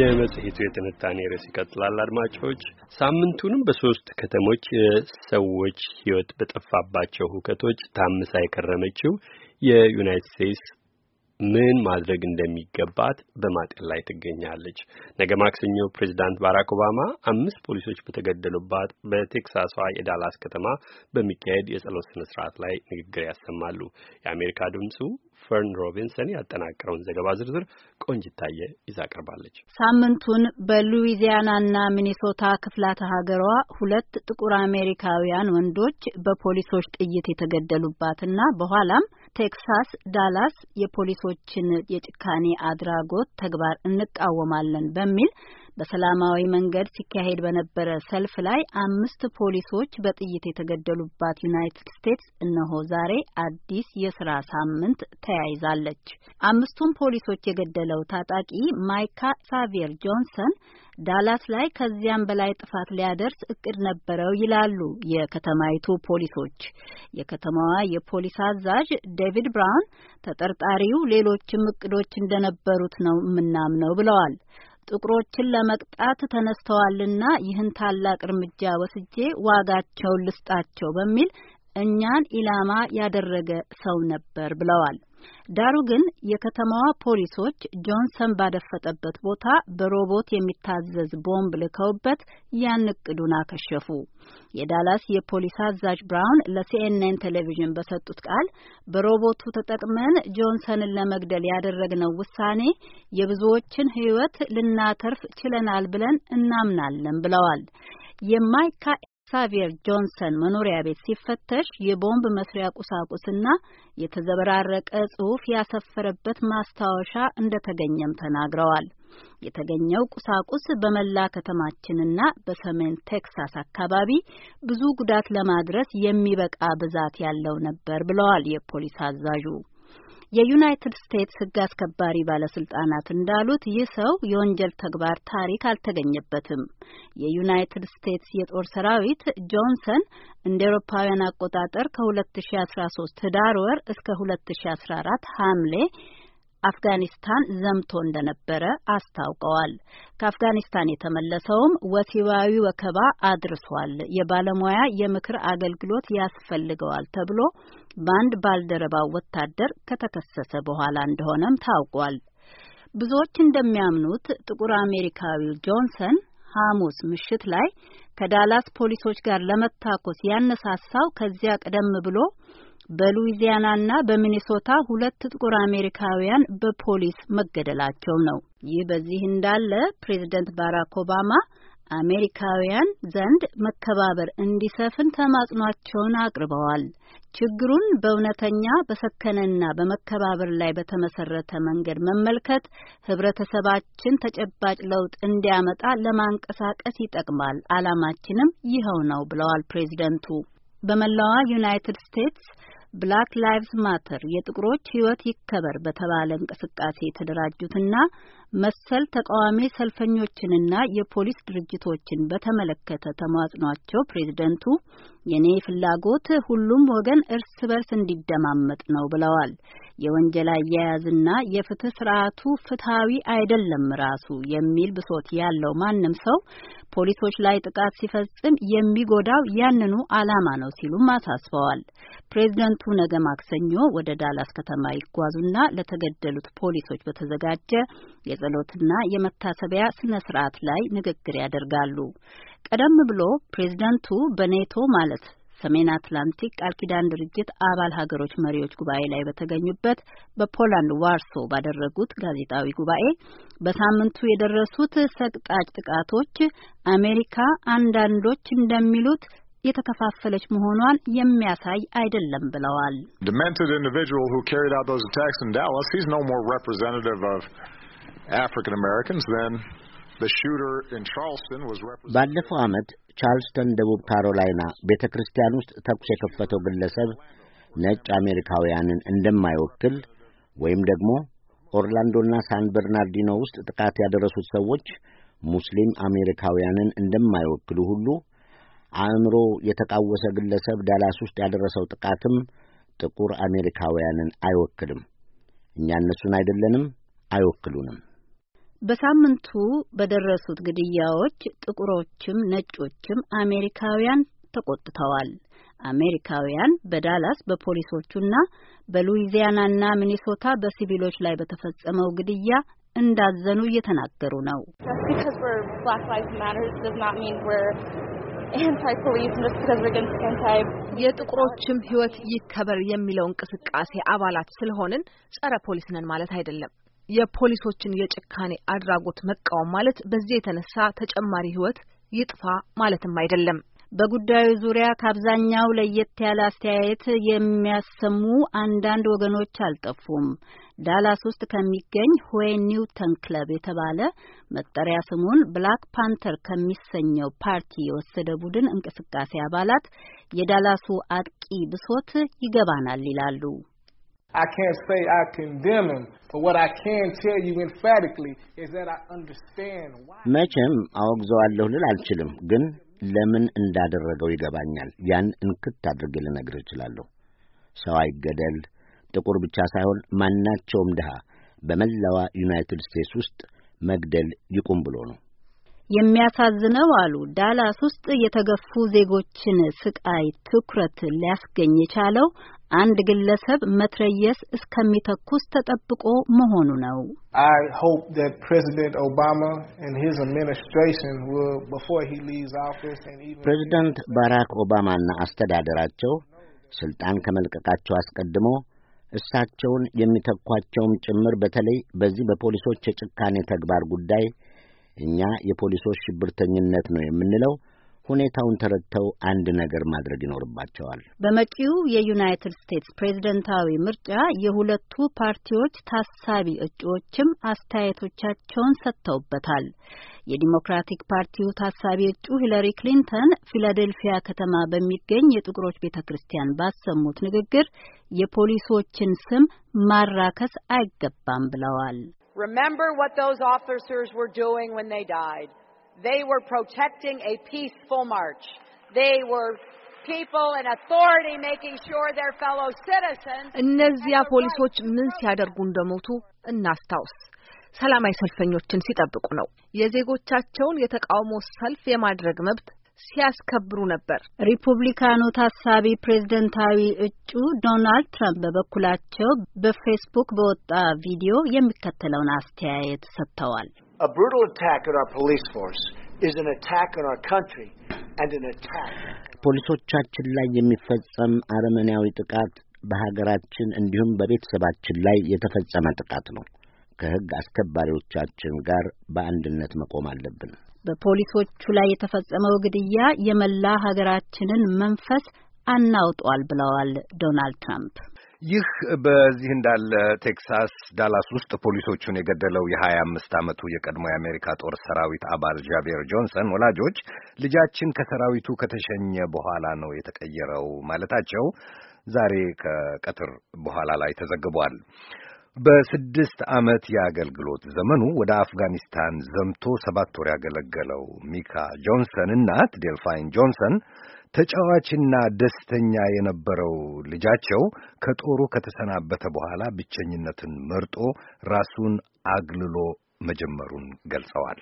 የመጽሔቱ የትንታኔ ርዕስ ይቀጥላል። አድማጮች ሳምንቱንም በሶስት ከተሞች የሰዎች ሕይወት በጠፋባቸው ሁከቶች ታምሳ የከረመችው የዩናይትድ ስቴትስ ምን ማድረግ እንደሚገባት በማጤን ላይ ትገኛለች። ነገ ማክሰኞ ፕሬዚዳንት ባራክ ኦባማ አምስት ፖሊሶች በተገደሉባት በቴክሳሷ የዳላስ ከተማ በሚካሄድ የጸሎት ስነ ስርዓት ላይ ንግግር ያሰማሉ። የአሜሪካ ድምፁ ፈርን ሮቢንሰን ያጠናቀረውን ዘገባ ዝርዝር ቆንጅታየ ይዛ ቀርባለች። ሳምንቱን በሉዊዚያናና ሚኒሶታ ክፍላተ ሀገሯ ሁለት ጥቁር አሜሪካውያን ወንዶች በፖሊሶች ጥይት የተገደሉባትና በኋላም ቴክሳስ ዳላስ የፖሊሶችን የጭካኔ አድራጎት ተግባር እንቃወማለን በሚል በሰላማዊ መንገድ ሲካሄድ በነበረ ሰልፍ ላይ አምስት ፖሊሶች በጥይት የተገደሉባት ዩናይትድ ስቴትስ እነሆ ዛሬ አዲስ የስራ ሳምንት ተያይዛለች። አምስቱን ፖሊሶች የገደለው ታጣቂ ማይካ ሳቪየር ጆንሰን ዳላስ ላይ ከዚያም በላይ ጥፋት ሊያደርስ እቅድ ነበረው ይላሉ የከተማይቱ ፖሊሶች። የከተማዋ የፖሊስ አዛዥ ዴቪድ ብራውን ተጠርጣሪው ሌሎችም እቅዶች እንደነበሩት ነው የምናምነው ብለዋል። ጥቁሮችን ለመቅጣት ተነስተዋልና ይህን ታላቅ እርምጃ ወስጄ ዋጋቸውን ልስጣቸው በሚል እኛን ኢላማ ያደረገ ሰው ነበር ብለዋል። ዳሩ ግን የከተማዋ ፖሊሶች ጆንሰን ባደፈጠበት ቦታ በሮቦት የሚታዘዝ ቦምብ ልከውበት ያን እቅዱን አከሸፉ። የዳላስ የፖሊስ አዛዥ ብራውን ለሲኤንኤን ቴሌቪዥን በሰጡት ቃል በሮቦቱ ተጠቅመን ጆንሰንን ለመግደል ያደረግነው ውሳኔ የብዙዎችን ሕይወት ልናተርፍ ችለናል ብለን እናምናለን ብለዋል። የማይካ ሳቪየር ጆንሰን መኖሪያ ቤት ሲፈተሽ የቦምብ መስሪያ ቁሳቁስና የተዘበራረቀ ጽሑፍ ያሰፈረበት ማስታወሻ እንደተገኘም ተናግረዋል። የተገኘው ቁሳቁስ በመላ ከተማችንና በሰሜን ቴክሳስ አካባቢ ብዙ ጉዳት ለማድረስ የሚበቃ ብዛት ያለው ነበር ብለዋል የፖሊስ አዛዡ። የዩናይትድ ስቴትስ ሕግ አስከባሪ ባለስልጣናት እንዳሉት ይህ ሰው የወንጀል ተግባር ታሪክ አልተገኘበትም። የዩናይትድ ስቴትስ የጦር ሰራዊት ጆንሰን እንደ ኤሮፓውያን አቆጣጠር ከ2013 ህዳር ወር እስከ 2014 ሐምሌ አፍጋኒስታን ዘምቶ እንደነበረ አስታውቀዋል። ከአፍጋኒስታን የተመለሰውም ወሲባዊ ወከባ አድርሷል፣ የባለሙያ የምክር አገልግሎት ያስፈልገዋል ተብሎ በአንድ ባልደረባው ወታደር ከተከሰሰ በኋላ እንደሆነም ታውቋል። ብዙዎች እንደሚያምኑት ጥቁር አሜሪካዊው ጆንሰን ሐሙስ ምሽት ላይ ከዳላስ ፖሊሶች ጋር ለመታኮስ ያነሳሳው ከዚያ ቀደም ብሎ በሉዊዚያናና በሚኒሶታ ሁለት ጥቁር አሜሪካውያን በፖሊስ መገደላቸው ነው። ይህ በዚህ እንዳለ ፕሬዝደንት ባራክ ኦባማ አሜሪካውያን ዘንድ መከባበር እንዲሰፍን ተማጽኗቸውን አቅርበዋል። ችግሩን በእውነተኛ በሰከነና በመከባበር ላይ በተመሰረተ መንገድ መመልከት ህብረተሰባችን ተጨባጭ ለውጥ እንዲያመጣ ለማንቀሳቀስ ይጠቅማል፣ አላማችንም ይኸው ነው ብለዋል ፕሬዚደንቱ። በመላዋ ዩናይትድ ስቴትስ ብላክ ላይቭስ ማተር የጥቁሮች ሕይወት ይከበር በተባለ እንቅስቃሴ የተደራጁትና መሰል ተቃዋሚ ሰልፈኞችንና የፖሊስ ድርጅቶችን በተመለከተ ተማጽኗቸው ፕሬዝደንቱ የኔ ፍላጎት ሁሉም ወገን እርስ በርስ እንዲደማመጥ ነው ብለዋል። የወንጀል አያያዝና የፍትህ ስርዓቱ ፍትሃዊ አይደለም ራሱ የሚል ብሶት ያለው ማንም ሰው ፖሊሶች ላይ ጥቃት ሲፈጽም የሚጎዳው ያንኑ ዓላማ ነው ሲሉም አሳስበዋል። ፕሬዝደንቱ ነገ ማክሰኞ ወደ ዳላስ ከተማ ይጓዙና ለተገደሉት ፖሊሶች በተዘጋጀ የጸሎትና የመታሰቢያ ስነ ስርዓት ላይ ንግግር ያደርጋሉ። ቀደም ብሎ ፕሬዝደንቱ በኔቶ ማለት ሰሜን አትላንቲክ ቃል ኪዳን ድርጅት አባል ሀገሮች መሪዎች ጉባኤ ላይ በተገኙበት በፖላንድ ዋርሶ ባደረጉት ጋዜጣዊ ጉባኤ በሳምንቱ የደረሱት ሰቅጣጭ ጥቃቶች አሜሪካ አንዳንዶች እንደሚሉት የተከፋፈለች መሆኗን የሚያሳይ አይደለም ብለዋል። African Americans. Then the shooter in Charleston was represented. ባለፈው ዓመት ቻርልስተን ደቡብ ካሮላይና ቤተ ክርስቲያን ውስጥ ተኩስ የከፈተው ግለሰብ ነጭ አሜሪካውያንን እንደማይወክል ወይም ደግሞ ኦርላንዶና ሳን በርናርዲኖ ውስጥ ጥቃት ያደረሱት ሰዎች ሙስሊም አሜሪካውያንን እንደማይወክሉ ሁሉ አእምሮ የተቃወሰ ግለሰብ ዳላስ ውስጥ ያደረሰው ጥቃትም ጥቁር አሜሪካውያንን አይወክልም። እኛ እነሱን አይደለንም፣ አይወክሉንም። በሳምንቱ በደረሱት ግድያዎች ጥቁሮችም ነጮችም አሜሪካውያን ተቆጥተዋል። አሜሪካውያን በዳላስ በፖሊሶቹና በሉዊዚያናና ሚኒሶታ በሲቪሎች ላይ በተፈጸመው ግድያ እንዳዘኑ እየተናገሩ ነው። የጥቁሮችም ሕይወት ይከበር የሚለው እንቅስቃሴ አባላት ስለሆንን ጸረ ፖሊስ ነን ማለት አይደለም። የፖሊሶችን የጭካኔ አድራጎት መቃወም ማለት በዚህ የተነሳ ተጨማሪ ህይወት ይጥፋ ማለትም አይደለም። በጉዳዩ ዙሪያ ከአብዛኛው ለየት ያለ አስተያየት የሚያሰሙ አንዳንድ ወገኖች አልጠፉም። ዳላስ ውስጥ ከሚገኝ ሆዌ ኒውተን ክለብ የተባለ መጠሪያ ስሙን ብላክ ፓንተር ከሚሰኘው ፓርቲ የወሰደ ቡድን እንቅስቃሴ አባላት የዳላሱ አጥቂ ብሶት ይገባናል ይላሉ። I can't say I condemn him, but what I can tell you emphatically is that I understand why. መቼም አወግዘዋለሁ ልል አልችልም፣ ግን ለምን እንዳደረገው ይገባኛል። ያን እንክት አድርጌ ልነግርህ እችላለሁ። ሰው አይገደል፣ ጥቁር ብቻ ሳይሆን ማናቸውም ድሃ በመላዋ ዩናይትድ ስቴትስ ውስጥ መግደል ይቁም ብሎ ነው። የሚያሳዝነው አሉ ዳላስ ውስጥ የተገፉ ዜጎችን ስቃይ ትኩረት ሊያስገኝ የቻለው አንድ ግለሰብ መትረየስ እስከሚተኩስ ተጠብቆ መሆኑ ነው። ፕሬዚደንት ባራክ ኦባማና አስተዳደራቸው ስልጣን ከመልቀቃቸው አስቀድሞ እሳቸውን የሚተኳቸውም ጭምር በተለይ በዚህ በፖሊሶች የጭካኔ ተግባር ጉዳይ እኛ የፖሊሶች ሽብርተኝነት ነው የምንለው ሁኔታውን ተረድተው አንድ ነገር ማድረግ ይኖርባቸዋል። በመጪው የዩናይትድ ስቴትስ ፕሬዝደንታዊ ምርጫ የሁለቱ ፓርቲዎች ታሳቢ እጩዎችም አስተያየቶቻቸውን ሰጥተውበታል። የዲሞክራቲክ ፓርቲው ታሳቢ እጩ ሂለሪ ክሊንተን ፊላዴልፊያ ከተማ በሚገኝ የጥቁሮች ቤተ ክርስቲያን ባሰሙት ንግግር የፖሊሶችን ስም ማራከስ አይገባም ብለዋል። Remember what those officers were doing when they died. They were protecting a peaceful march. They were እነዚያ ፖሊሶች ምን ሲያደርጉ እንደሞቱ እናስታውስ። ሰላማዊ ሰልፈኞችን ሲጠብቁ ነው። የዜጎቻቸውን የተቃውሞ ሰልፍ የማድረግ መብት ሲያስከብሩ ነበር። ሪፑብሊካኑ ታሳቢ ፕሬዝደንታዊ እጩ ዶናልድ ትራምፕ በበኩላቸው በፌስቡክ በወጣ ቪዲዮ የሚከተለውን አስተያየት ሰጥተዋል። A brutal attack on our police force is an attack on our country and an attack. ፖሊሶቻችን ላይ የሚፈጸም አረመኔያዊ ጥቃት በሀገራችን እንዲሁም በቤተሰባችን ላይ የተፈጸመ ጥቃት ነው። ከህግ አስከባሪዎቻችን ጋር በአንድነት መቆም አለብን። በፖሊሶቹ ላይ የተፈጸመው ግድያ የመላ ሀገራችንን መንፈስ አናውጧል ብለዋል ዶናልድ ትራምፕ። ይህ በዚህ እንዳለ ቴክሳስ ዳላስ ውስጥ ፖሊሶቹን የገደለው የሀያ አምስት ዓመቱ የቀድሞ የአሜሪካ ጦር ሰራዊት አባል ዣቬር ጆንሰን ወላጆች ልጃችን ከሰራዊቱ ከተሸኘ በኋላ ነው የተቀየረው ማለታቸው ዛሬ ከቀትር በኋላ ላይ ተዘግቧል። በስድስት ዓመት የአገልግሎት ዘመኑ ወደ አፍጋኒስታን ዘምቶ ሰባት ወር ያገለገለው ሚካ ጆንሰን እናት ዴልፋይን ጆንሰን ተጫዋችና ደስተኛ የነበረው ልጃቸው ከጦሩ ከተሰናበተ በኋላ ብቸኝነትን መርጦ ራሱን አግልሎ መጀመሩን ገልጸዋል።